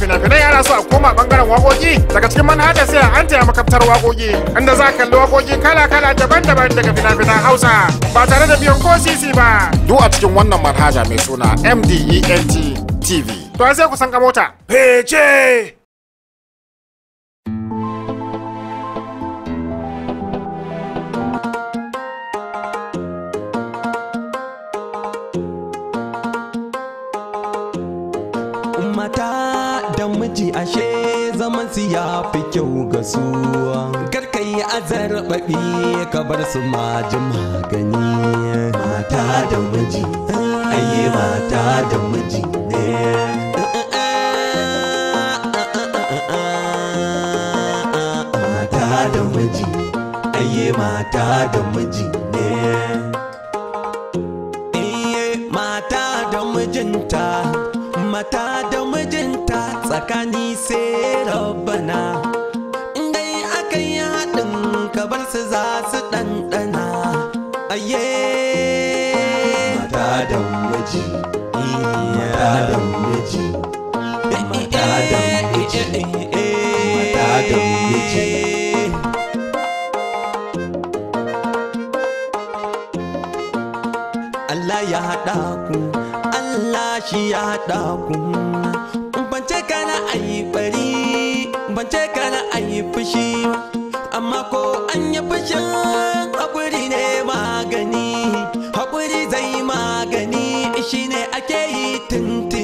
fina-finai ana so a koma bangaren wakoki daga cikin manhaja sai an taya makaftar wakoki inda za kalli wakoki kala-kala daban-daban daga fina-finan hausa ba tare da biyan ko sisi ba duk a cikin wannan manhaja mai suna mdent tv to sai ku san ka mota fece maka su karka yi babi ka bar su ji magani mata da miji ayi mata da miji mata da miji ayi mata da miji mata da mijinta mata da mijinta tsakani sai rabana gabar su za su ɗanɗana aye mata da waje mata da waje mata da waje mata da waje Allah ya haɗa ku Allah shi ya haɗa ku bance kana ayi bari bance kana ayi fushi an yi fashin haƙuri ne magani haƙuri zai magani shi ne ake yi tuntun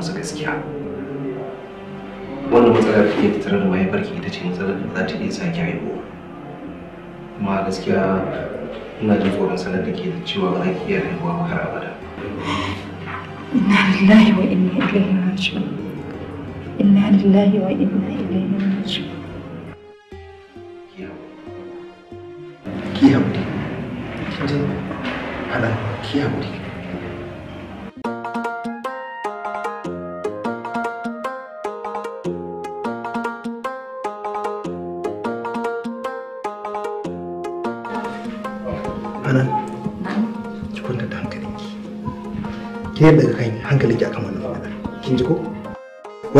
masa gaskiya wannan matsalar da ke tattare da wayar barki ita ce matsalar da za ta iya sake haihuwa kuma gaskiya ina jin tsoron sanar da ke da cewa ba za ki iya haihuwa ba har abada inna lillahi wa inna ilaihi raji'un inna lillahi wa inna ilaihi raji'un ki haƙuri ki haƙuri ki haƙuri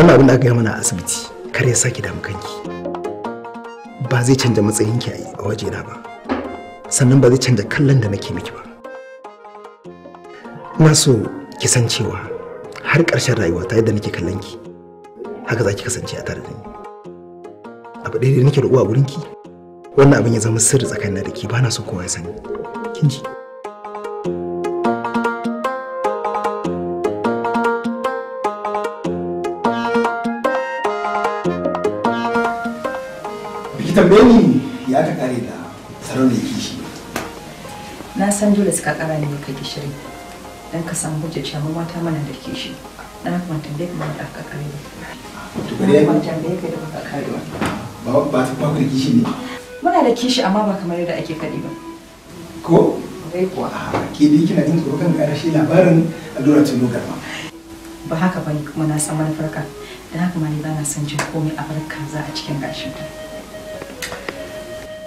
wannan abin da aka yi mana a asibiti kar ya saki damu kanki ba zai canja matsayinki a waje wajena ba sannan ba zai canza kallon da nake miki ba na so ki san cewa har ƙarshen rayuwa ta yadda nake kallon ki haka za ki kasance a tare da ni abu ɗaya da nake da uwa ki wannan abin ya zama sirri tsakanin da ke ba na so kowa ya sani kin ji tambaye ni ya ka kare da tsaron da yake shi na san dole suka kara ne ka gishiri dan ka san hujja ce mu mata mana da ke shi dan kuma tambaye ka da ka kare to bare mun tambaye ka da ka kare ba ba ta ba kishi ne muna da kishi amma ba kamar yadda ake kadi ba ko dai kuwa ah, ke dai kina jin tsoro kan karashi labarin dora tun lokar ma ba haka bane kuma na san manufarka dan haka ma ni ba na san jin komai a barkan za a cikin gashin ta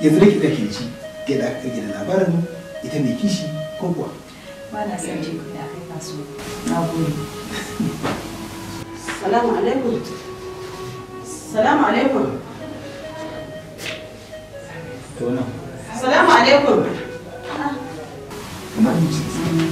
yanzu da kiɗa ke ci yadda aka ƙirƙira labarin ita mai kishi ko kuwa. Ba na san kai kasuwa. Na gode. Salamu alaikum. Salamu alaikum. Salamu alaikum. Ah.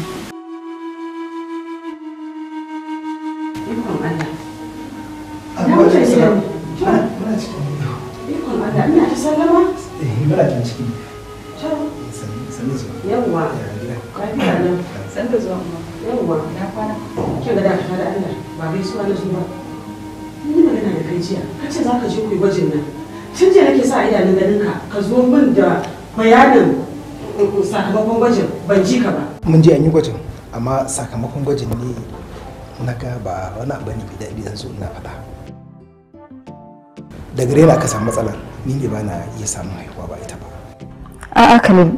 ka zo min da bayanin sakamakon gwajin ban ji ka ba mun je an yi gwajin amma sakamakon gwajin ne na ga ba wani abu ne da idan zo na faɗa da gare na ka samu matsalar ni ne ba na iya samun haihuwa ba ita ba a'a khalil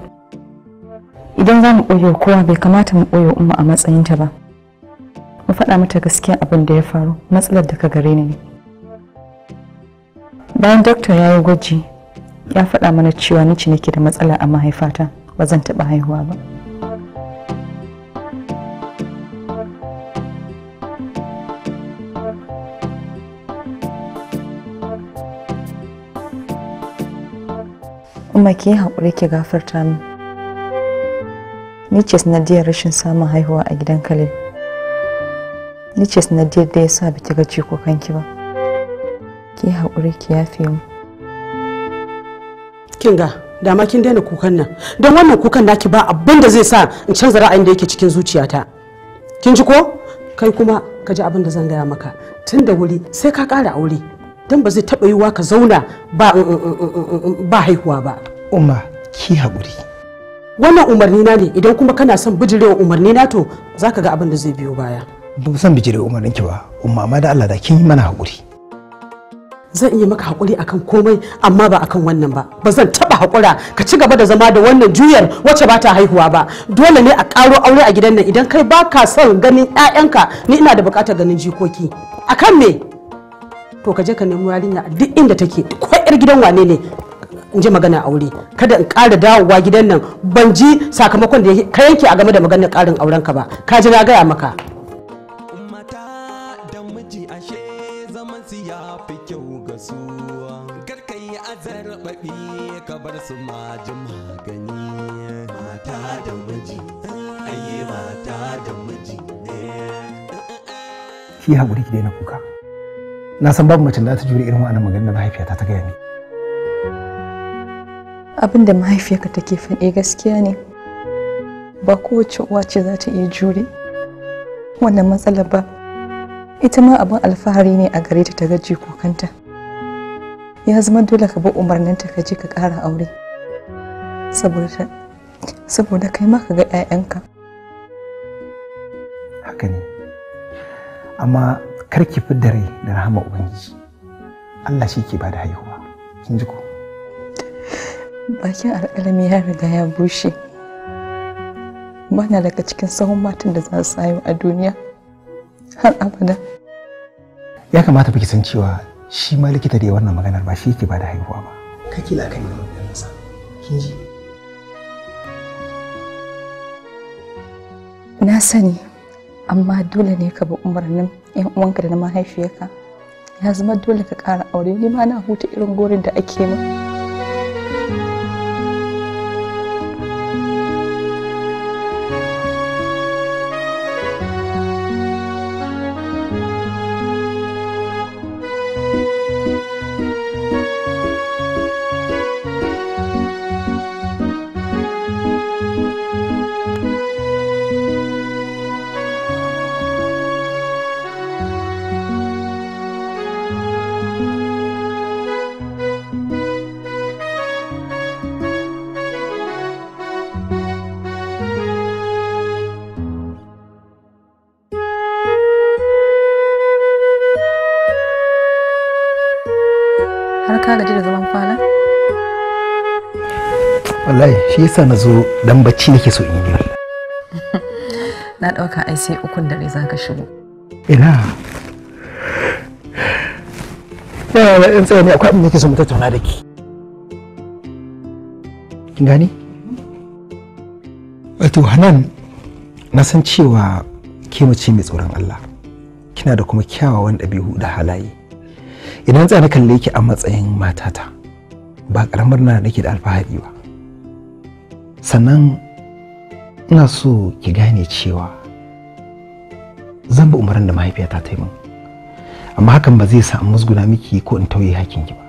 idan za mu ɓoye kowa bai kamata mu ɓoye umma a matsayinta ba mu faɗa mata gaskiya abin da ya faru matsalar daga gare ne bayan dokta ya yi gwaji ya faɗa mana cewa ni ce nake da matsala a mahaifata ba zan taɓa haihuwa ba Kuma ki haƙuri ki gafarta min. Ni ce sanadiyar rashin samun haihuwa a gidan Khalil. Ni ce sanadiyar da ya sa baki ga kanki ba. Ki yi haƙuri ki yafe mu. kin ga dama kin daina kukan nan don wannan kukan naki ba abin da zai sa in canza ra'ayin da yake cikin zuciyata kin ji ko kai kuma ka ji abin da zan gaya maka tun da wuri sai ka ƙara aure don ba zai taɓa yiwuwa ka zauna ba eh, eh, eh, haihuwa ba umma ki haƙuri wannan umarni na ne idan kuma kana son bijirewa umarni na to zaka ga abin da zai biyo baya ba san bijirewa umarninki ba umma amma da Allah da kin yi mana hakuri. zan iya maka haƙuri akan komai amma ba akan wannan ba ba zan taɓa haƙura ka ci gaba da zama da wannan juyar wacce ba ta haihuwa ba dole ne a ƙaro aure a gidan nan idan kai ba ka son ganin 'ya'yanka ni ina da buƙatar ganin jikoki akan me to ka je ka nemi yarinya a duk inda take ko 'yar gidan wane ne in ji magana aure kada in ƙara dawowa gidan nan ban ji sakamakon da ka yanke a game da maganar ƙarin aurenka ba ka ji na gaya maka su majin magani mata da miji ayi mata da miji ki haƙuri ki daina kuka na san babu macen da ta jure irin wannan maganar da mahaifiyata ta gaya ni abin da mahaifiyarka take faɗi gaskiya ne ba kowace uwa ce za ta iya jure wannan matsalar ba ita ma abin alfahari ne a gare ta ta gaji kokanta ya zama dole ka bi umarninta ka je ka kara aure saboda saboda kai ma ka ga 'ya'yanka haka ne amma kar ki fi da rai da rahama ubangiji Allah shi ke bada haihuwa kin ji ko bakin alƙalami ya riga ya bushe bana daga cikin sahun matan da za su sayo a duniya har abada ya kamata ki san cewa shi ma likita da ya wannan maganar ba shi yake ba da haihuwa ba kake la'akari da nasa, kin ji na sani amma dole ne ka bi umarnin yan uwanka da na mahaifiyarka ya zama dole ka ƙara aure ni ma na huta irin gorin da ake ma. shi yasa na zo dan bacci nake so in yi na ɗauka ai sai ukun dare za ka shigo ina yana da ɗan tsaye ne akwai abin da yake so mu tattauna da ki kin gani wato hanan na san cewa ke mace mai tsoron Allah kina da kuma kyawawan ɗabi'u da halaye idan tsana kalle ki a matsayin matata ba karamar na nake da alfahari ba sannan ina so ki gane cewa zan bi umarin da mahaifiyata ta yi min amma hakan ba zai sa in musguna miki ko in tauye ki ba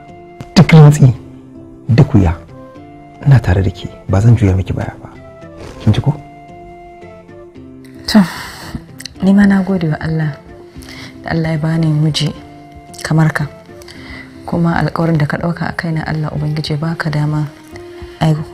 duk rantsi duk wuya ina tare da ke ba zan juya miki baya ba kin ji ko to ni ma na gode wa Allah da Allah ya bani miji kamar ka kuma alƙawarin da ka ɗauka a kaina Allah ubangiji baka dama ai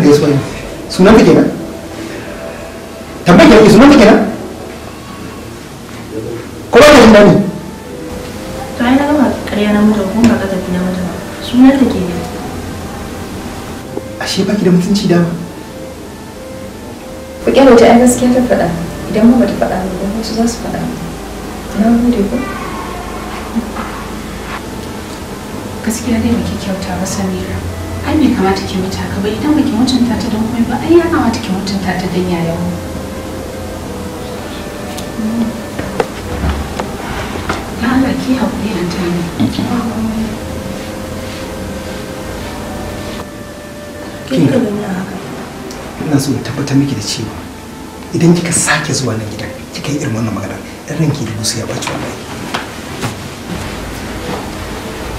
wannan gaisuwa ne sunan ka kenan tambayar sunan ka kenan ko ba ka jin daɗi to ai na gama ƙarya na mutum ko ba ka tafi na mutum sunan ta a ashe ki da mutunci dama ku kyara wata ai gaskiya ta faɗa idan ma bata faɗa ba wasu za su faɗa na gode ko gaskiya dai ba ki kyauta ba samira ai bai kamata ki mutu ka ba dan baki mutunta ta don komai ba ai ya kamata ki mutunta ta dan yayin mu na Allah ki hakuri an ta ne kin ga ina so in tabbata miki da cewa idan kika sake zuwa nan gidan kika yi irin wannan magana ɗan ranki da busu ya bace wallahi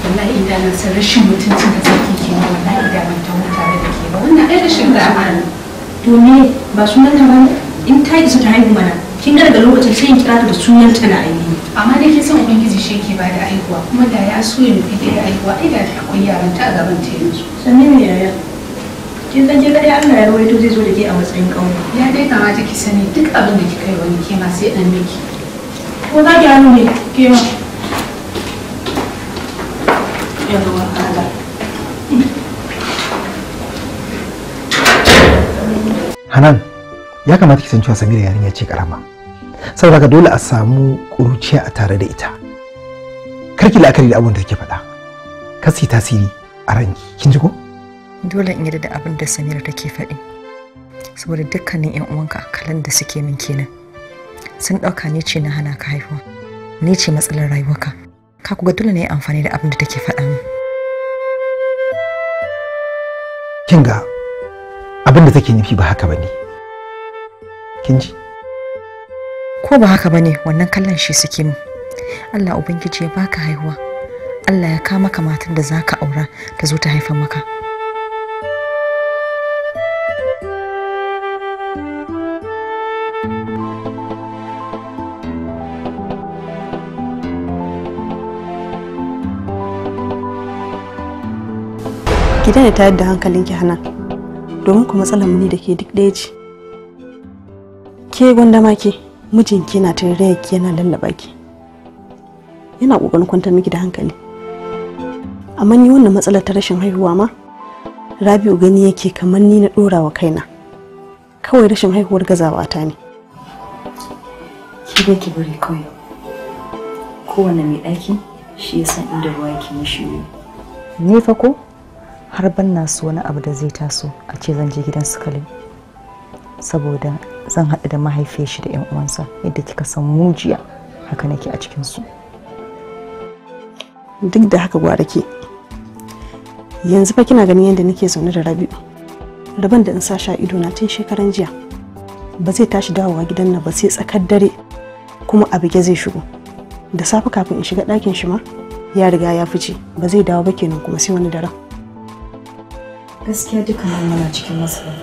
wallahi na san rashin mutunci da sarki ke nan wallahi idanun ta mutane da ke ba wannan ai rashin zamani to me ba sunan ta bane in ta isa ta haihu mana kin ga daga lokacin sai in kira ta da sunan ta na aini amma da kin san ubangiji shi ke ba da aihuwa kuma da ya so ya nufi da aihuwa ai da akwai yaran ta a gaban ta yanzu sannan ne yaya kin san kin ga dai Allah ya rawaito zai zo da ke a matsayin kauna ya dai kamata ki sani duk abin da kika yi wani kima sai dan miki ko za ki hannu ne kima Hanan ya kamata ki san cewa Samira yarinya ce karama saboda ka dole a samu kuruciya a tare da ita karki la'akari da abin da take faɗa kasi tasiri a ranki kin ji ko dole in yarda da abin da Samira take faɗi saboda dukkanin yan uwanka kalan da suke min kenan sun ɗauka ni ce na hana ka haihuwa ni ce matsalar rayuwarka ka ga dole ne amfani da abin da take faɗa min kin ga abin da take nufi ba haka bane kin ji ko ba haka bane wannan kallon shi suke min Allah ubangiji ya baka haihuwa Allah ya kama matan da zaka aura ta zo ta haifa maka ki daina tayar da hankalinki hana domin ku matsalar mu ne da ke duk ɗaya ce ke gwanda ma ke mijinki yana tarayya ke yana lallaba ki yana ƙoƙarin kwanta miki da hankali amma ni wannan matsalar ta rashin haihuwa ma rabi'u gani yake kamar ni na ɗora wa kaina kawai rashin haihuwar gazawa ta ne ki da ki bari kawai kowane mai ɗaki shi ya san inda ruwa yake mishi ne fa ko har ban na su wani abu da zai taso a ce zan je gidan su kalin saboda zan haɗu da mahaifiyar shi da 'yan uwansa yadda kika san mujiya haka nake a cikin su duk da haka gwara ke yanzu fa kina ganin yadda nake zaune da rabi'u raban da in sa sha ido na tun shekaran jiya ba zai tashi dawowa gidan na ba sai tsakar dare kuma a bige zai shigo da safe kafin in shiga ɗakin shi ma ya riga ya fice ba zai dawo ba kenan kuma sai wani daren gaskiya duka nan muna cikin matsala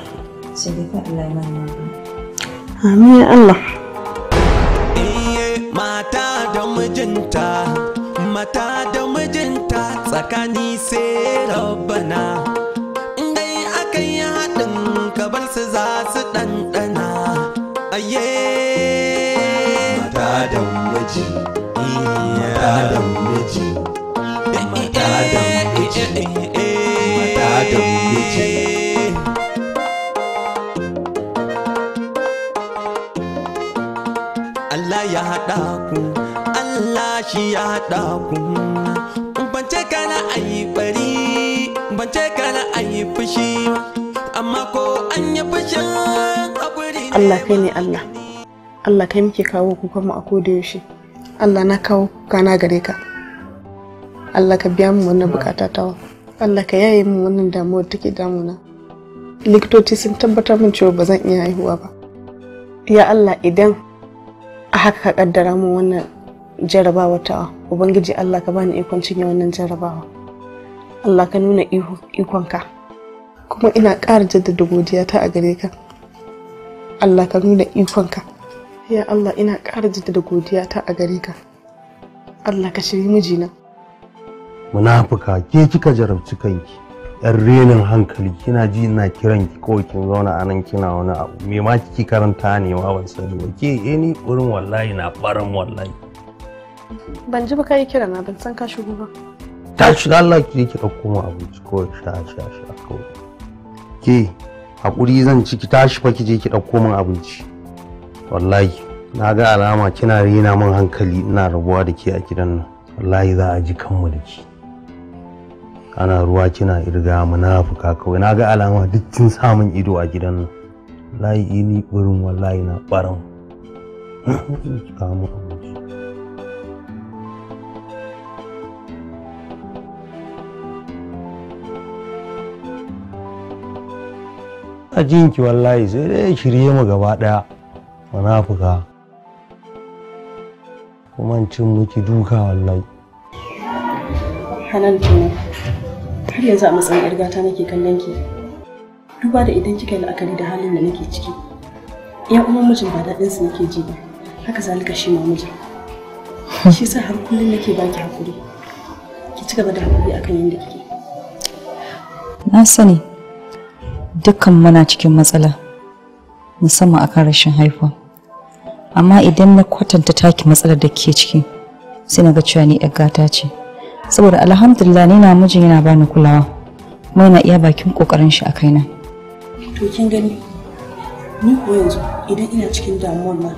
sai dai fa Allah ya mana magana amin ya Allah mata da mijinta mata da mijinta tsakani sai rabbana dai akan yi haɗin bar su za su ɗanɗana aye mata da miji mata da miji mata da miji da miji Allah ya haɗa ku Allah shi ya haɗa ku bance kana ayi bari bance kana ayi fushi amma ko an yi fushin Allah kai ne Allah Allah kai muke kawo kukan mu a koda yaushe Allah na kawo kuka na gare ka Allah ka biya mu wannan bukata tawa Allah ka yaye min wannan damuwar take damuna likitoci sun tabbatar min cewa ba zan iya haihuwa ba ya Allah idan a haka ka kaddara min wannan jarabawa ta ubangiji Allah ka bani ikon cinye wannan jarabawa Allah ka nuna ikonka kuma ina ƙara jaddada godiya ta a gare ka Allah ka nuna ikonka ya Allah ina ƙara jaddada godiya ta a gare ka Allah ka shiri mijina munafuka ke kika jarabci kanki yan renin hankali kina ji ina kiran ki kawai kin zauna a nan kina wani abu me ma kiki karanta ne ma ban sani ba ke eh ni wurin wallahi na barin wallahi ban ji ba kai kira na ban san ka shigo ba ta shiga Allah ki ki dauko mu abinci ko sha sha sha ko ke hakuri zan ci ki tashi fa ki je ki dauko min abinci wallahi na ga alama kina rena min hankali ina rabuwa da ke a gidan nan wallahi za a ji kanmu da ki ana ruwa kina irga munafuka kawai na ga alama duk kin samun ido a gidan nan layi ini burin wallahi na baran a jinki wallahi sai dai shirye mu gaba daya munafuka kuma cin muki duka wallahi hanan har yanzu a matsayin yar gata nake kallon ki duba da idan kika yi la'akari da halin da nake ciki yan uwan mijin ba daɗin su nake ji ba haka zalika shi ma mijin shi sa har kullum nake baki hakuri ki ci gaba da hakuri akan yadda kike na sani dukkan muna cikin matsala musamman akan rashin haifa amma idan na kwatanta taki matsalar da ke ciki sai na ga cewa ni 'yar gata ce saboda alhamdulillah ni na miji yana bani kulawa kuma yana iya bakin kokarin shi a kaina to kin gani ni ko yanzu idan ina cikin damuwar ma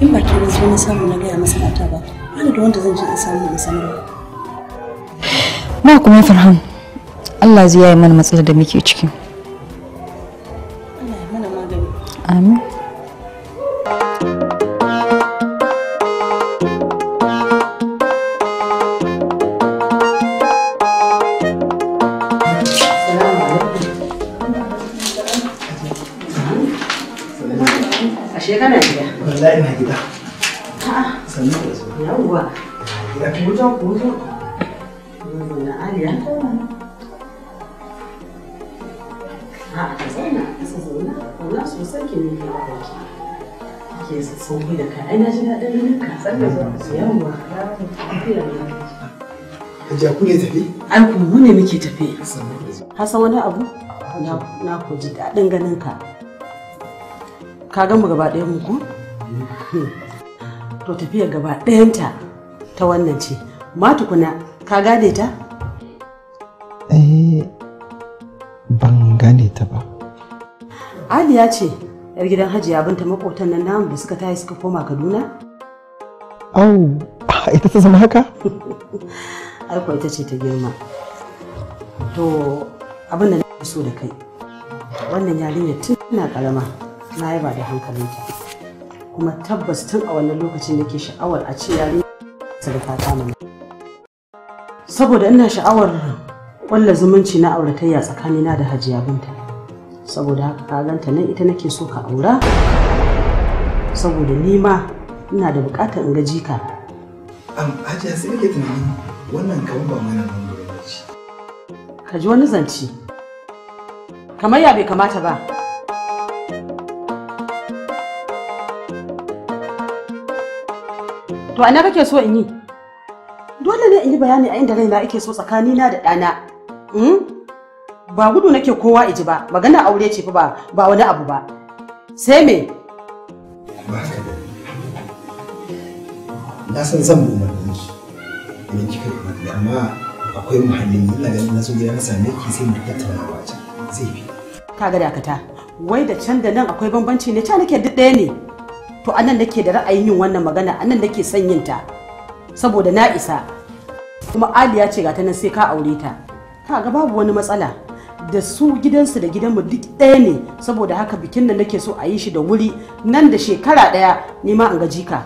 in ba ki zo na samu na gaya masa mata ba ana da wanda zan je in samu na san ba na kuma farhan Allah zai yi mana matsalar da muke ciki ku ne tafi? Ai ku ne muke tafi. Hassan wani abu? Na ku ji daɗin ganin ka. Ka ga mu gaba ɗayan mu ko? To tafiyar gaba ɗayanta ta wannan ce. Ma tukuna ka gane ta? Eh ban gane ta ba. Ali ya ce yar gidan Hajiya binta makotan nan namu da suka tayi suka koma Kaduna? Au, ita ta zama haka? aiko ita ce ta girma to abin da nake so da kai wannan yarinya tun tana karama na yaba da hankalinta kuma tabbas tun a wannan lokacin nake sha'awar a ce yarinya sadaka ta mana saboda ina sha'awar ƙwalla zumunci na auratayya tsakanina da hajiya binta saboda haka ka nan ita nake so ka aura saboda nima ina da bukatar in ga jika. Am, Hajiya sai nake tunani wannan kamar ba mana nan gobe ba ce ka ji wani zance kamar ya bai kamata ba to ina kake so in yi dole ne in yi bayani a inda raina ake so tsakanina da ɗana hmm? ba gudu nake kowa iji ba magana aure ce fa ba ba wani abu ba sai me na san zan mu mai ki me amma akwai muhallin ganin na gida na same ki sai mu tattauna a can zai fi kaga dakata wai da can da nan akwai bambanci ne ta nake duk ɗaya ne to anan nake da ra'ayin yin wannan magana anan nake son yin ta saboda na isa kuma aliya ce gata nan sai ka aure ta kaga babu wani matsala da su gidansu da gidanmu duk ɗaya ne saboda haka bikin da nake so a yi shi da wuri nan da shekara ɗaya nima an ga jika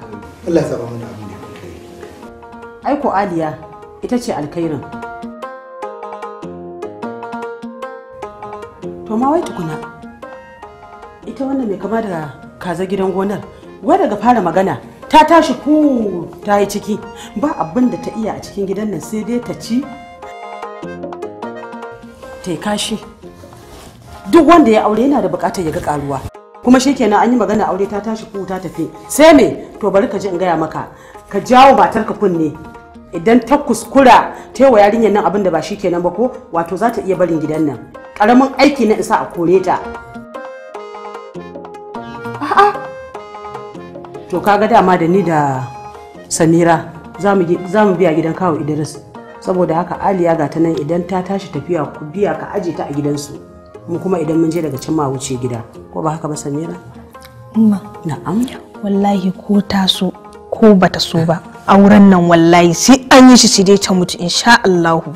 Allah ya saba mana abin da ya aiko aliya ita ce alkhairin to ma wai tukuna ita wannan mai kama da kaza gidan gonar wai daga fara magana ta tashi ku ta yi ciki ba abin da ta iya a cikin gidan nan sai dai ta ci ta kashi duk wanda ya aure yana da bukatar ya ga karuwa kuma shikenan an yi magana aure ta tashi ku ta tafi sai me to bari ka ji in gaya maka ka jawo matarka kunne idan ta kuskura ta yi wa yarinyar nan abin da ba shi kenan ba ko wato za ta iya barin gidan nan ƙaramin aiki na isa a kore ta a'a to kaga dama da ni da samira za mu biya gidan kawo idris saboda haka aliya ga ta nan idan ta tashi tafiya ku biya ka aje ta a gidansu mu kuma idan mun je daga can ma wuce gida ko ba haka ba samira na'am wallahi ko ta ko bata so ba auren nan wallahi sai an yi shi sai dai ta mutu insha Allahu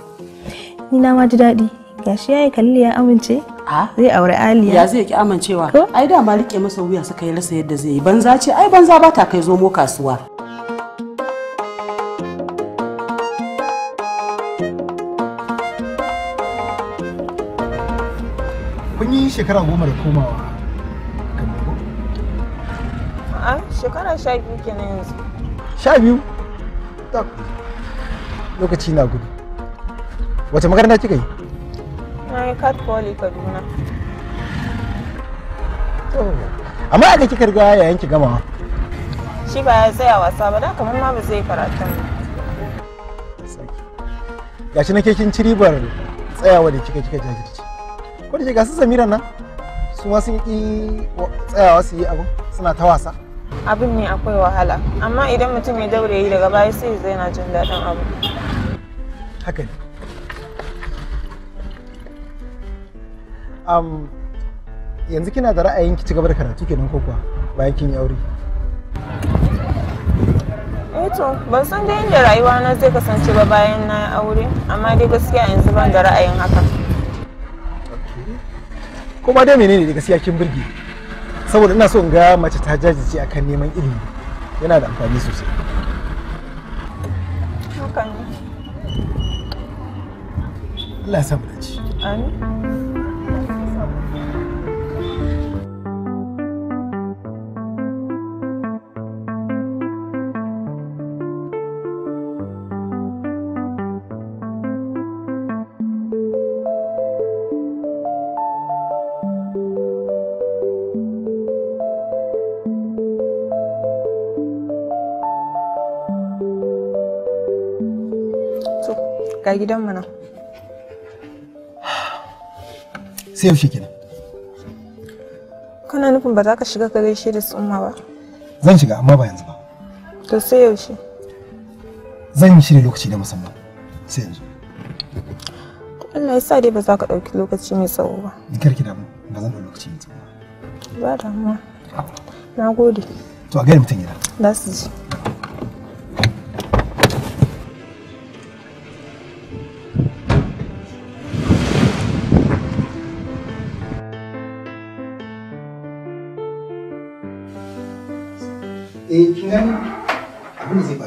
ni na ma ji daɗi gashi yayi kalli ya amince zai aure aliya ya zai ki amincewa ai da ma rike masa wuya suka yi rasa yadda zai yi banza ce ai banza ba ta kai zomo kasuwa kun yi shekara goma da komawa a lokaci na gudu wace makaranta kika yi na eh, yi cat poly kaduna amma a kika riga yayin ki gamawa shi ba ya tsaya wasa ba da kamar ma ba zai karatu gashi ke kin ci ribar tsayawa da kika kika jajirce ko da ke su samira nan su ma sun yi tsayawa su yi abu suna ta wasa abin ne akwai wahala amma idan mutum ya daure yi daga baya sai zai na jin daɗin abu haka ne yanzu kina da ra'ayin ki ci gaba da karatu kenan ko kuwa bayan kin yi aure eh to ban san da inda rayuwa na zai kasance ba bayan na yi aure amma dai gaskiya yanzu ban da ra'ayin haka kuma dai menene gaskiya kin burge saboda ina so in ga mace ta jajirce akan neman ilimi yana da amfani sosai Allah ya samu ci. Amin. A gidanmu nan. Sai yaushe kenan. Kana nufin ba za ka shiga ka gaishe da su umma ba? Zan shiga amma ba yanzu ba. To sai yaushe? Zan yi shirin lokaci da musamman. Sai yanzu. Allah ya sa dai ba za ka ɗauki lokaci mai tsawo ba. Ni karki damu ba zan ɗauki lokaci mai tsawo ba. Ba damuwa. Na gode. To a gaya mutum gida. Za su ji.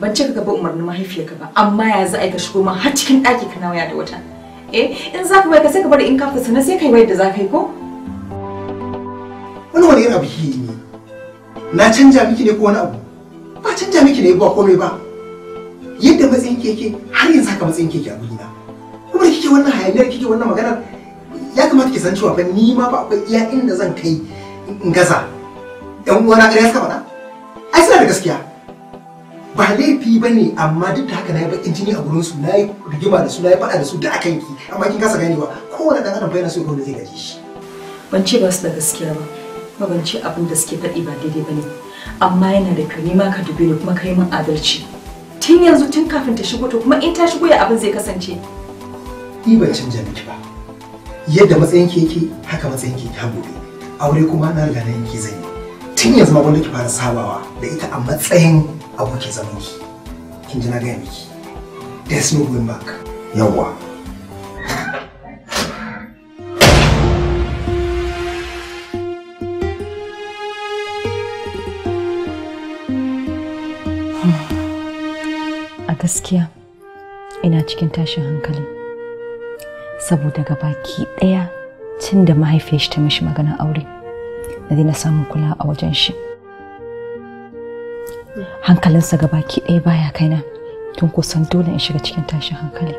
ban ce ka bi umarnin mahaifiyarka ba amma ya za a yi ka shigo ma har cikin ɗaki kana waya da wata eh in za ka bai ka sai ka bari in ka fasa na sai ka yi wayar da za ka yi ko wani wani yana abu ki ne na canja miki ne ko wani abu ba canja miki ne ba komai ba yadda matsayin keke har yanzu haka matsayin keke a gurina kuma da kike wannan hayaniyar kike wannan maganar ya kamata ki san cewa fa ni ma ba akwai iya inda zan kai in gaza yan uwana ɗaya suka faɗa ai suna da gaskiya ba laifi ba ne amma duk da haka na yi bakin jini a gurin su na yi rigima da su na yi faɗa da su da akan ki amma kin kasa ganewa kowane ɗan adam na so ya wanda zai gaje shi. ban ce ba su da gaskiya ba kuma ban ce abin da suke faɗi ba daidai ba ne amma yana da kani ma ka dube ni kuma ka yi min adalci tun yanzu tun kafin ta shigo to kuma in ta shigo ya abin zai kasance. ni ban canja miki ba yadda matsayin ki yake haka matsayin ki ta gobe aure kuma na riga na yanki zai tun yanzu ma wanda ki fara sabawa da ita a matsayin abokin zaman ki kin ji na gaya miki there's no going back yawa a gaskiya ina cikin tashin hankali saboda gabaki daya tun da mahaifiyar ta mishi magana aure na samu samun kula a wajen shi. hankalinsa ga baki ɗaya baya kaina tun kusan dole in shiga cikin tashin hankali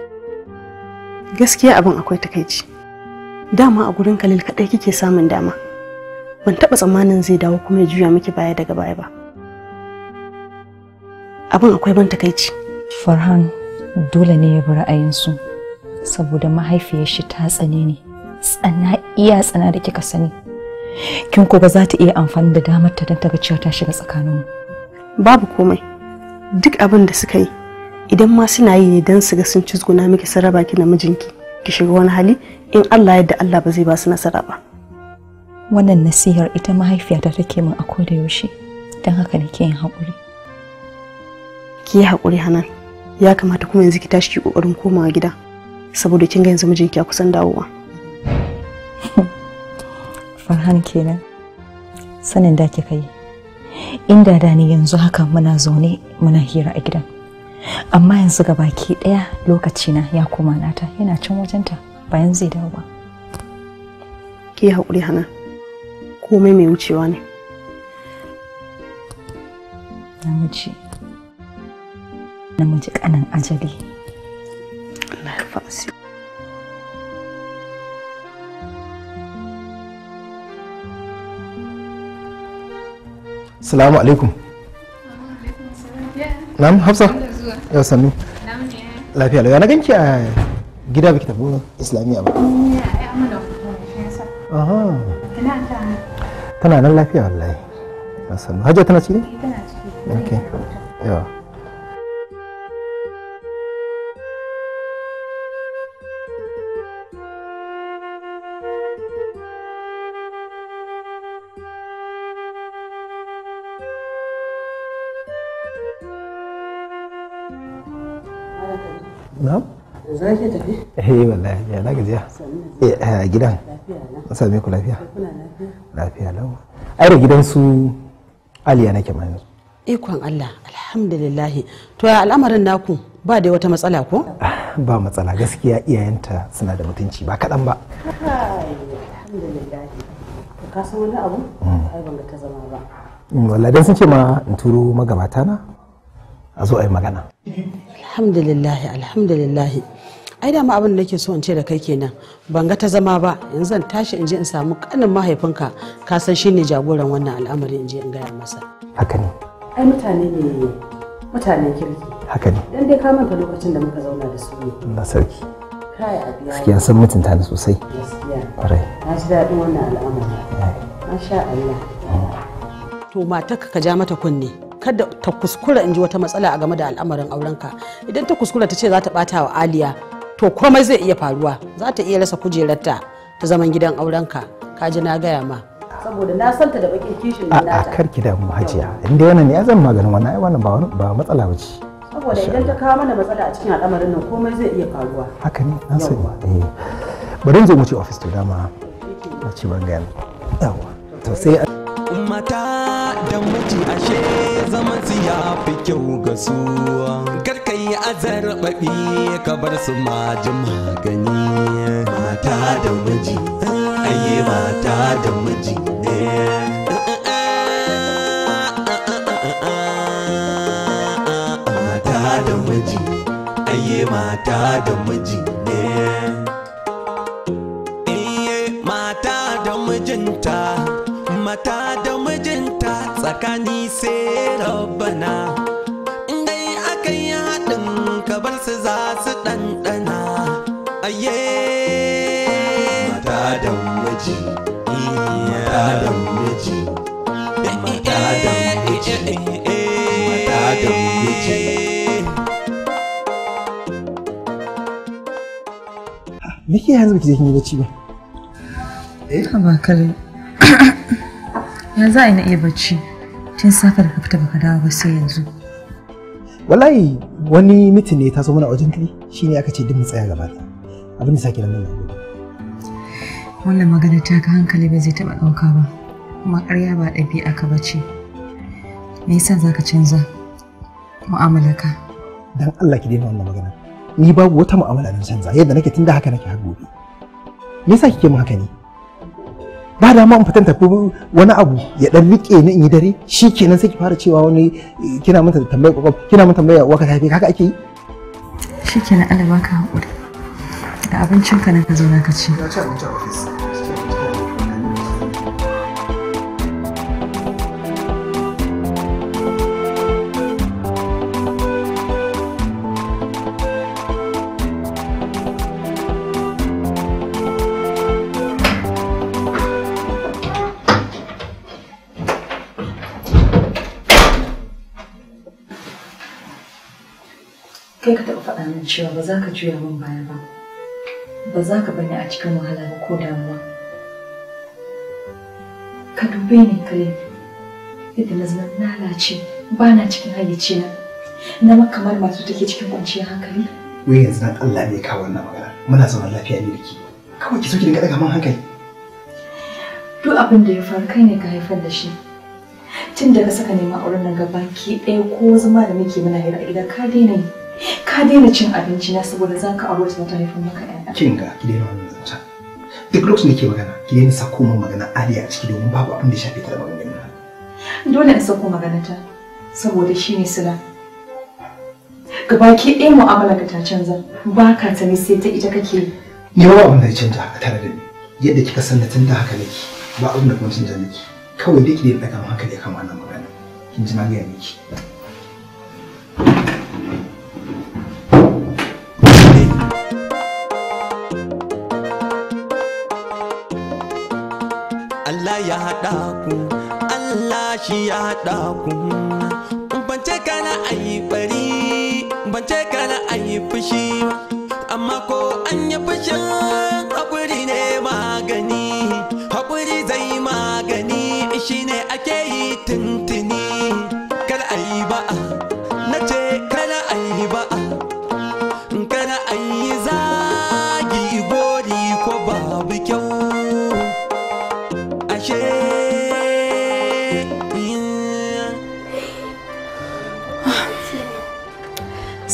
gaskiya abin akwai takaici dama a gurin kalil kaɗai kike samun dama ban taɓa tsammanin zai dawo kuma ya juya miki baya daga baya ba abin akwai ban takaici farhan dole ne ya bi ra'ayinsu saboda mahaifiyarshi ta tsane ne tsana iya tsana da kika sani kin ko ba za ta iya amfani da damar ta don ta ga cewa ta shiga tsakaninmu babu komai duk abin da suka yi idan ma suna yi ne don su ga sun zuguna miki saraba ki namijinki ki shiga wani hali in Allah yadda Allah ba zai ba su nasara ba wannan nasihar ita mahaifiyata take min a koda yaushe don haka nake yin haƙuri ki yi haƙuri hanan ya kamata kuma yanzu ki tashi ki ƙoƙarin komawa gida saboda kin ga yanzu mijinki a kusan dawowa farhan kenan sanin da kika yi inda da ni yanzu haka muna zaune muna hira a gidan amma yanzu ga baki ɗaya lokacina ya koma nata yana cin wajenta bayan zai dawo ba ki haƙuri hana komai mai wucewa ne namiji namiji kanin ajali Allah ya salamu alaikum na'am hafsa yau sannu lafiya lafiya na ganki a gida biki tafi islamiyya ba tana nan lafiya wallahi sannu hajjata na ciki tana ciki eh, yawa na'am za ki tafi eh ya na gajiya eh a ku lafiya lafiya lau ai da gidan su aliya nake ma yanzu ikon Allah alhamdulillah to ya al'amarin naku ba da wata matsala ko ah, ba matsala gaskiya iyayenta suna da mutunci ba kaɗan ba alhamdulillah ka hmm. hmm, dan sun ce ma in turo magabata na a zo ai magana alhamdulillahi alhamdulillahi ai da ma abin da nake so in ce da kai kenan ban ga ta zama ba yanzu zan tashi in je in samu kanin mahaifinka ka san shine jagoran wannan al'amari in je in gaya masa haka ne ai mutane ne mutanen kirki haka ne dan dai ka manta lokacin da muka zauna da su ne na sarki kai abiya gaskiya san mutunta ni sosai gaskiya kwarai na ji daɗin wannan al'amari masha Allah mm. to mata ka ja mata kunne kada ta kuskura in ji wata matsala a game da al'amarin aurenka idan ta kuskura ta ce za ta bata wa aliya to komai zai iya faruwa za ta iya rasa kujerarta ta zaman gidan aurenka ka ji na gaya ma saboda na santa da bakin kishin da nata a karki da mu hajiya inda wannan ne zan maganin wannan ai wannan ba ba matsala bace saboda idan ta kawo mana matsala a cikin al'amarin nan komai zai iya faruwa haka ne na sani eh bari in zo mu ci office to dama na ci ban yawa to sai mata da miji ashe zaman su ya fi kyau ga su karka yi azar babi ka bar su ji magani mata da miji ayi mata da miji mata da miji ayi mata da miji mata da mijinta tsakani sai rabbana dai aka yi haɗin kabar su za su ɗanɗana aye mata da miji mata da miji mata da miji mata da miji Me ke yanzu ki je kin yi bacci ba? Eh, kamar kare. ya za a na iya bacci tun safe da ka fita baka dawo ba sai yanzu wallahi wani mitin ne ta zo mana wajen kai shine aka ce duk mu tsaya gaba abin da sake nan nan wannan magana ta ka hankali ba zai taba dauka ba kuma ƙarya ba ɗabi'a ka bace me yasa zaka canza mu'amalarka dan Allah ki daina wannan magana ni babu wata mu'amala da canza yadda nake tunda haka nake har gobe me yasa kike mun haka ne ba da ma in fitan tafi wani abu ya dan rike ni in yi dare shi kenan sai ki fara cewa wani kina mata tambaya kokon kina mun tambaya waka tafi haka ake yi shi kenan Allah baka hakuri da abincin ka na ka zo na ka ci. Na ci abincin office kai ka taɓa faɗa min cewa ba za ka juya min baya ba ba za ka bani a cikin wahala ba ko damuwa ka dube ni kai, yadda na zama lalace ba na cikin hayyacina na ma kamar masu take cikin kwanciyar hankali wai yanzu na Allah ne kawo wannan magana muna zaman lafiya ne da kawai ki so ki dinga daga man hankali duk abin da ya faru kai ne ka haifar da shi tun da ka saka neman auren nan gaba ki ɗaya ko zama da muke muna hira a gida ka daina yi ka daina cin abinci na saboda zan ka aure ta haifar maka ƴaƴa kin ga ki daina wannan zancen duk lokacin da ke magana ki daina sako min magana ali a ciki domin babu abin da shafe ta da maganganun na dole in sako magana ta saboda ne sila Gaba gabaki ɗaya mu'amala ka ta canza ba ka ta sai ta ita kake yi ni ba abin da ya canza a tare da ni yadda kika san da tun da haka nake ba abin da kuma canja nake kawai dai ki daina ɗaga hankali akan wannan magana kin ji na gaya miki shi ya haɗa ku bance kana ayi bari bance kana ayi fushi amma ko an yi fushin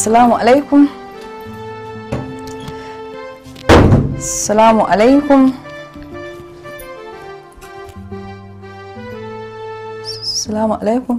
Assalamu alaikum. Assalamu alaikum. Assalamu alaikum.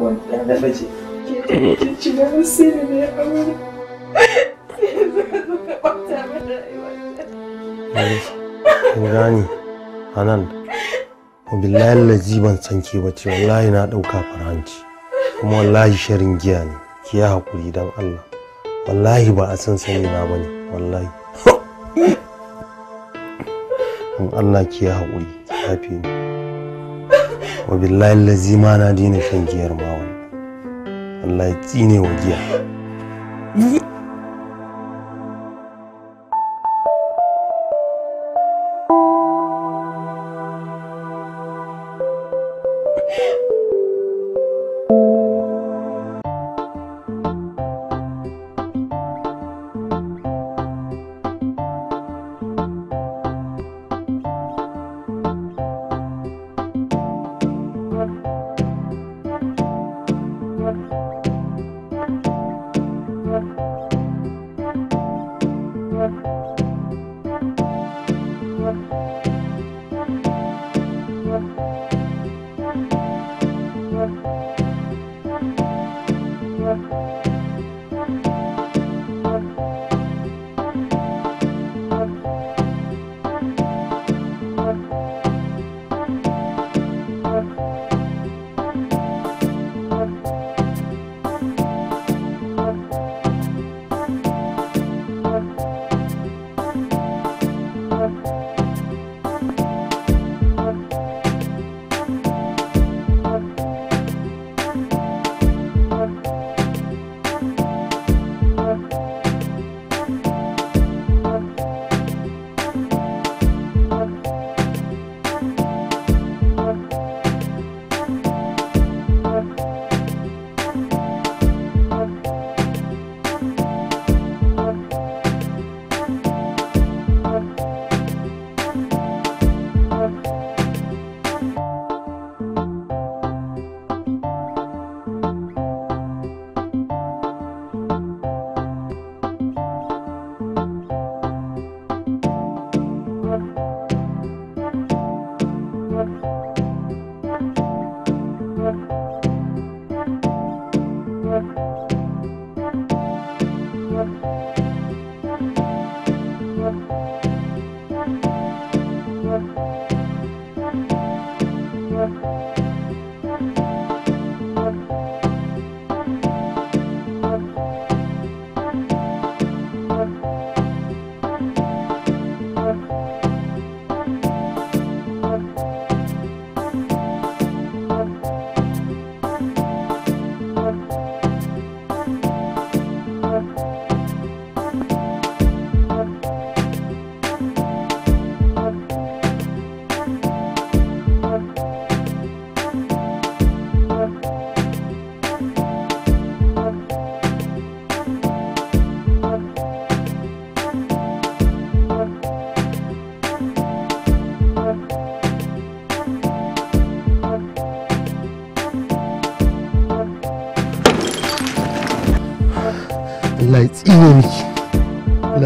abubuwan ɗan da mace kin ci da eh. sirri ne a wuri Rani, Hanan, wabillahi lazi ban san ke bace wallahi na ɗauka faranci kuma wallahi shirin giya ne ki ya haƙuri don Allah wallahi ba a san sani na ba ne wallahi in Allah ki ya haƙuri ki yafe ni wabillahi lazi ma na daina shan giyar ma wani Allah ya tsine wa giya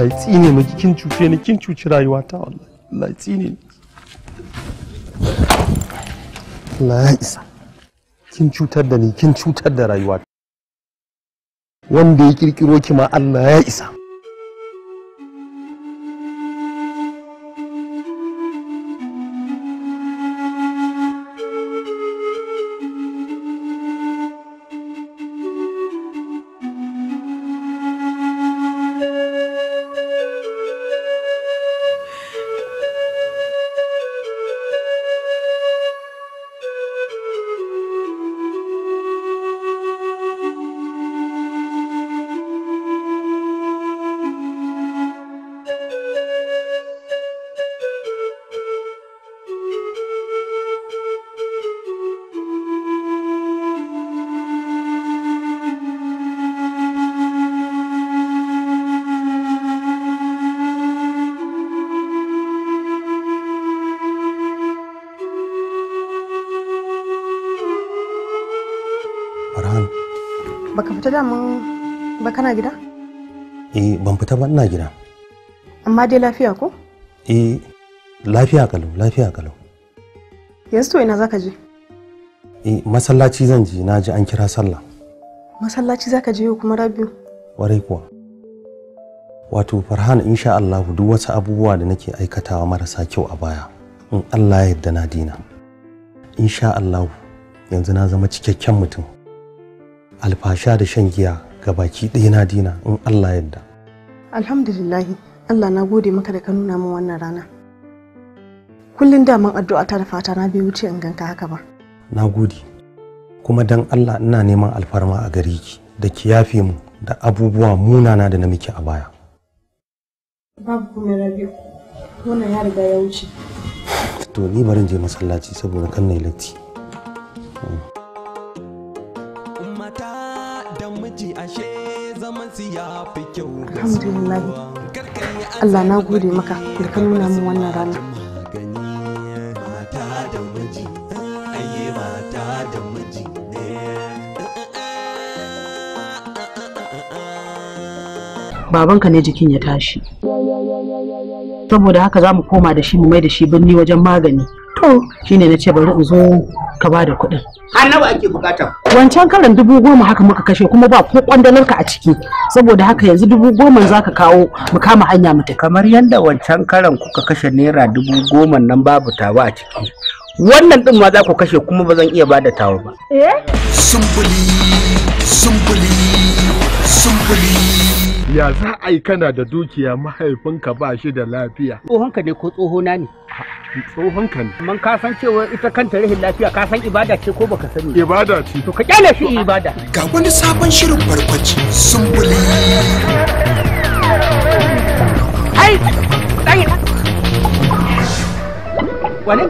Allah ya tsine kin cuce ni kin cuci Allah ya tsine ni Allah ya isa kin cutar da ni kin cutar da rayuwata wanda ya kirkiro ki ma Allah ya isa mun ba kana gida? Eh ban fita ba ina gida. Amma dai lafiya ko? Eh lafiya kalau lafiya kalau. Yanzu to ina zaka je? Eh masallaci zan je na ji an kira sallah. Masallaci zaka je kuma Rabiu? Warai kuwa. Wato Farhan insha Allah duk wasu abubuwa da nake aikatawa marasa kyau a baya in Allah ya yarda na dina. Insha Allah yanzu na zama cikakken mutum. alfasha da shan giya ga baki ɗaya na dina in Allah yadda. Alhamdulillah Allah na gode maka da ka nuna min wannan rana. Kullum daman addu'a ta da fata na bai wuce in ganka haka ba. Na gode. Kuma dan Allah ina neman alfarma a gare ki da ki yafe mu da abubuwa munana da na miki a baya. Babu kuma rabi wannan ya riga ya wuce. To ni barin je masallaci saboda kan na latti. alhamdulillah Allah na gode maka da ka nuna min wannan rana babanka ne jikin ya tashi saboda haka za mu koma da shi mu mai da shi birni wajen magani to shine na ce bari in zo ka ba da kuɗin nawa ake bukata wancan karan dubu goma haka muka kashe kuma ba ko kwandalar ka a ciki saboda haka yanzu dubu goma za ka kawo mu kama hanya mu kamar yadda wancan karan kuka kashe naira dubu goma nan babu tawa a ciki wannan ɗin ma za ku kashe kuma ba zan iya ba da tawa ba eh sumbuli sumbuli sumbuli ya za a yi kana da dukiya mahaifinka ba shi da lafiya tsohonka ne ko tsohona ne tsohonka ne man ka san cewa ita kanta rahin lafiya ka san ibada ce ko baka sani ibada ce to ka kyale shi ibada ga wani sabon shirin barkwanci sumbuli ai wani